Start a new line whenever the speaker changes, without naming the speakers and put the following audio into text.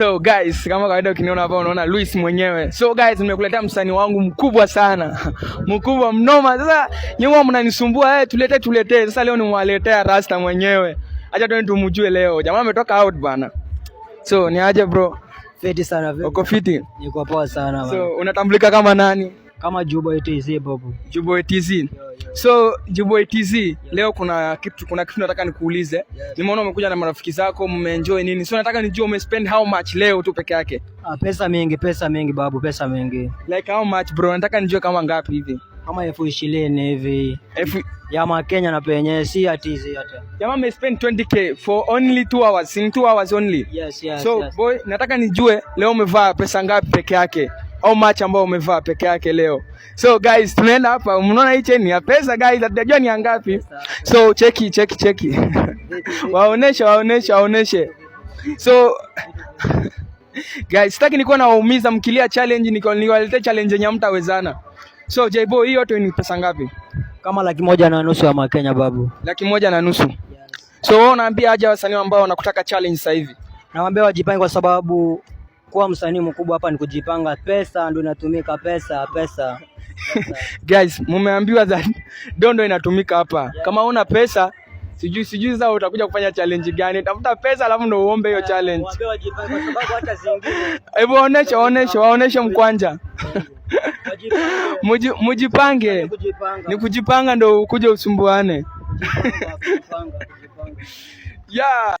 So guys, kama kawaida ukiniona hapa unaona Luis mwenyewe. So guys, nimekuletea msanii wangu mkubwa sana. Mkubwa mnoma. Sasa nyuma mnanisumbua eh, tulete tulete. Sasa leo nimwaletea Rasta mwenyewe. Acha tuende tumjue leo. Jamaa ametoka out bana. So ni aje bro?
Fiti sana vipi? Uko fiti? Niko poa sana bana.
So unatambulika kama nani?
kama Juboy TZ babu.
Juboy TZ. Yo, yo. So Juboy TZ, yo. Leo kuna kitu kuna kitu nataka nikuulize. Yes. Nimeona umekuja na marafiki zako, mmeenjoy nini? So nataka nijue umespend how much leo tu peke yake?
Ah, pesa mingi, pesa mingi babu, pesa mingi.
Like how much bro? Nataka nijue kama ngapi hivi?
Kama elfu ishirini hivi. Elfu ya ma Kenya na penye si atizi hata.
Jamaa me spend 20k for only 2 hours, in 2 hours only. Yes, yes. So yes. Boy, nataka nijue leo umevaa pesa ngapi peke yake? au match ambao umevaa peke yake leo. So guys, tunaenda hapa, unaona hii cheni ya pesa guys, hatujajua ni ngapi. So cheki cheki cheki, waoneshe waoneshe waoneshe. So guys, sitaki nikuwa nawaumiza mkilia challenge, niwalete challenge yenye hamtawezana. So Jaybo, hii yote ni pesa ngapi?
Kama laki moja na nusu ya Kenya babu,
laki moja na nusu. Yes. So wewe unaambia aje wasanii ambao wanakutaka challenge sasa hivi?
Nawaambia wajipange kwa sababu kuwa msanii mkubwa hapa ni kujipanga. Pesa ndio inatumika, pesa pesa, pesa.
Guys, mmeambiwa that dondo inatumika hapa yeah. Kama una pesa sijui sijui sasa utakuja kufanya challenge gani? Tafuta pesa alafu ndio uombe hiyo challenge. Hebu onesha onesha waoneshe mkwanja mujipange, ni kujipanga ndio ukuje usumbuane. yeah.